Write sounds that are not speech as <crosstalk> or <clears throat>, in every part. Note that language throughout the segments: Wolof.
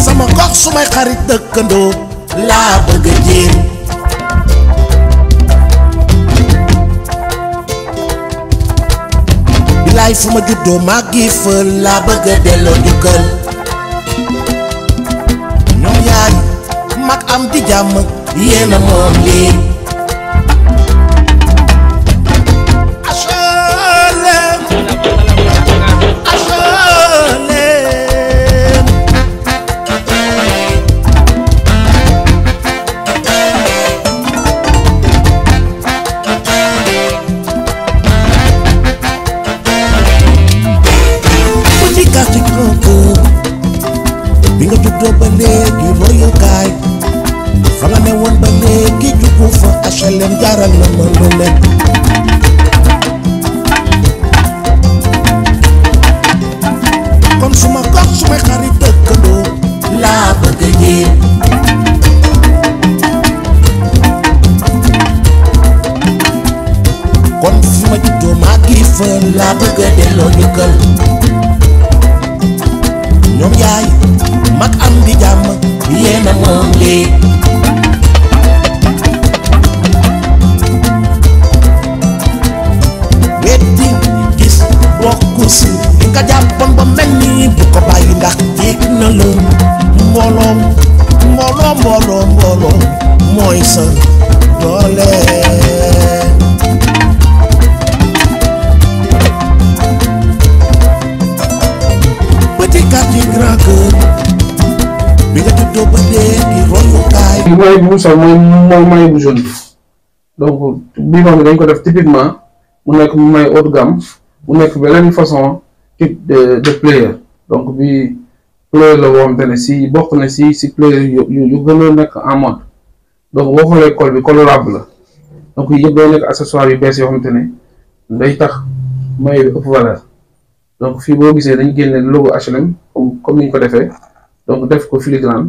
sama gox sumay xarit dëkkandoo laa bëgg a jéem yaay fu ma juddoo màggi fa laa bëgg a delloo njukkal ñoom yaay mag am di jàmm yéena moom lii bi nga juddoo ba léegi royukaay fa nga ne woon ba léegi jugu fa HLM jaaral na ma lu kon suma gox sumay xarit dëkkandoo laa bëgg yéen kon fi ma maa ngi fa laa bëgg a delloo ñu yaay mag am di jàmm yéena moom lii bu sol mooy mooy maillot bu jaune bi donc bii dañ ko def typiquement mu nekk maillot haut de gamme nekk beneen façon type de player donc bi player la woon te ne si bokk na si si player yu yu gën a nekk en mode donc boo xoolee col bi colorable la donc yëpp day nekk accessoire yu bees yoo xamante ne day tax maillot bi valeur donc fii boo gisee dañ génne logo HLM comme comme ni ñu ko defee donc def ko filigrane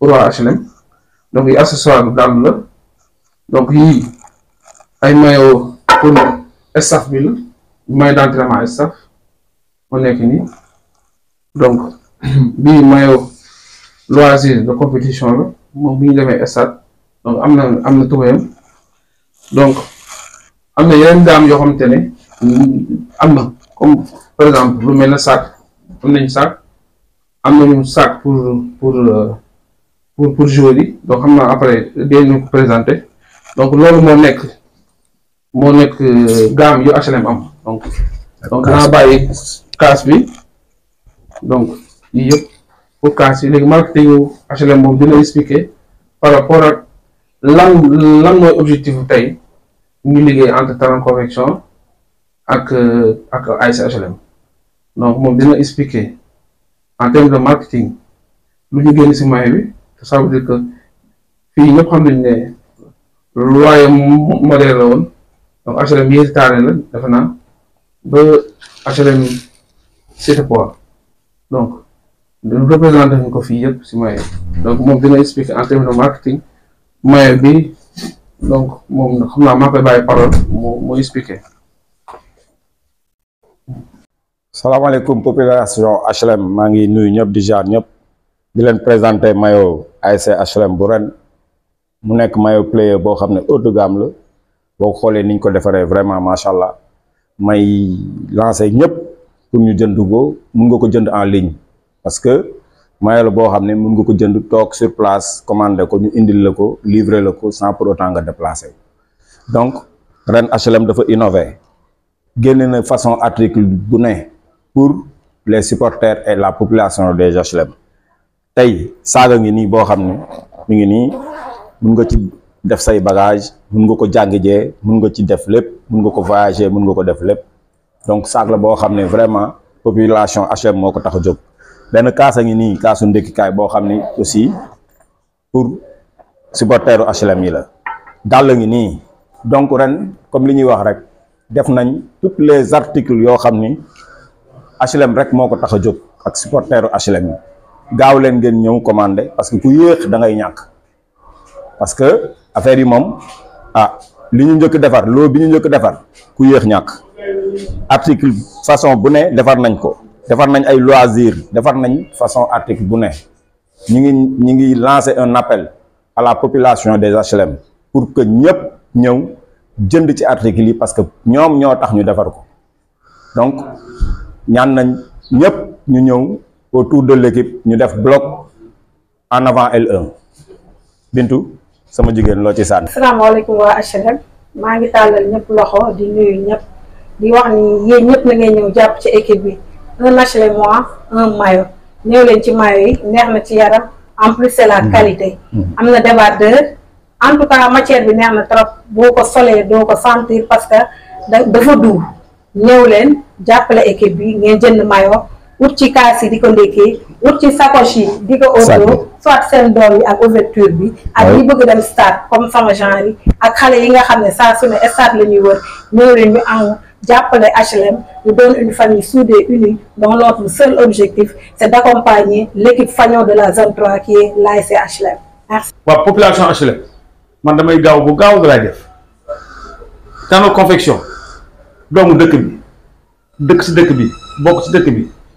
pour waa HLM donc yi accessoire bi daal la donc yii ay maillot pour staff bi la maillot d'entraînement staff moo nekk nii donc <clears throat> bii maillot loisir de compétition la moom bu ñu demee stade donc am na am na donc am na yeneen daam yoo xamante ne am na comme par exemple lu mel ne sac am nañu sac am nañu sac pour pour. Euh, pour pour joueurs donc on après bien nous présenter donc loolu mon nek mon nek euh, gamme yu HLM am donc. donc danaa bàyyi kaas bi donc yii pour le les marketing yu HLM moom expliquer par rapport à lan lan mooy objectif tay ñu liggéey entre Talent correction ak euh, ak ASC HLM donc mom dina expliquer en termes de marketing lu ñu génn si bi. ça veut dire fii ñëpp xam nañ ne loyer modèle la woon donc HLM yéesi taane la defe naa ba HLM cité port donc dañu représenté ñu ko fii yëpp si maye donc moom dina expliquer en terme de marketing maye bi donc moom xam naa maa koy bàyyi parole mu mu expliquer salaamaaleykum population HLM maa ngi nuyu ñëpp di jaar ñëpp di leen présenter mayo ASC HLM bu ren mu nekk maillot player boo xam ne haut de gamme la boo xoolee niñ ko defaree vraiment machallah may lancé ñëpp pour ñu jënd ko mun nga ko jënd en ligne parce que maillot la boo xam ne mun nga ko jënd toog sur place commandé ko ñu indil la ko livré la ko sans pour autant nga déplacé donc ren HLM dafa innové génne na façon article bu ne pour les supporters et la population des HLM. tay saga ngi ni bo xamne mi ngi ni mën nga ci def say bagage mën nga ko jangije mën nga ci def lepp mën nga ko voyager mën nga ko def lepp donc saag la boo vraiment population hm moko tax a ben kaasa ngi ni kaasu ndek kay bo ne aussi pour supporteru hm yi la dal ngi ni donc ren comme li ñuy wax rek def nañ toutes les articles yo xam HLM rek moko tax ak supporteru HLM gaaw ngeen ñëw commandé parce que ku yéex da ngay ñàkk parce que affaire yi moom ah li ñu njëkk defar loo bi ñu njëkk defar ku yéex ñàkk article façon bu ne defar nañ ko defar nañ ay loisir defar nañ façon article bu ne ñu ngi ñu ngi lancer un appel à la population des HLM pour que ñëpp ñëw jënd ci article yi parce que ñoom ñoo tax ñu defar ko donc ñaan nañ ñëpp ñu ñëw tout de l'équipe ñu def bloc en avant l Bintu sama jigéen loo ci sànni. asalaamaaleykum waa HLM maa ngi tàllal ñëpp loxo di nuyu ñëpp di wax ni yéen ñëpp na ngeen ñëw jàpp ci équipe bi un HLMois un maillot ñëw leen ci maillot yi neex na ci yaram en plus c'est la mm-hmm. qualité. Mm-hmm. am na débardeur en tout cas matière bi neex na trop boo ko solee doo ko sentir parce que dafa duur ñëw leen jàppale équipe bi ngeen jënd maillot. ou ci kaas yi di ko ou wut ci soit c'est doom yi ak ouverture bi ak de bëgg comme sama genre à ak xale yi nga xam ne saa su ne stade la leen ñu HLM nous doon une famille soudée unie dont notre seul objectif c'est d'accompagner l'équipe fagnon de la zone 3 qui est l'ASC HLM merci. La population HLM man damay gaaw bu la lay def nos Confection doomu dëkk bi dëkk deux dëkk deux bokk si dëkk bi.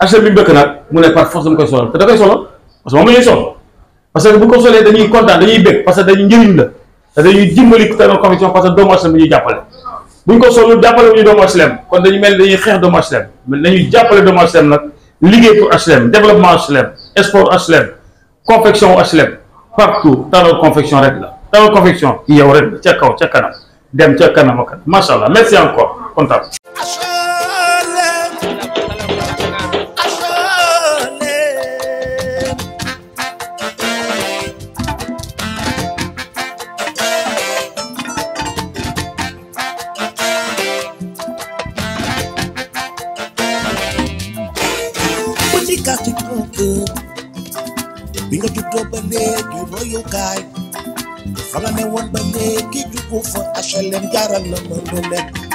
HLM mu ne par force dama koy solo da parce que parce que bu ko dañuy dañuy parce que dañuy la commission parce que HLM ñuy jàppale buñ ko HLM kon mel dañuy HLM nañuy HLM liggéey pour HLM développement HLM HLM confection HLM partout confection rek la confection yow rek kaw kanam dem kanam ak allah merci encore contact fantástico tú. Bilo tu to bane du royo kai. Fala ne won bane ki du ko fa ashalem jaral na mo le.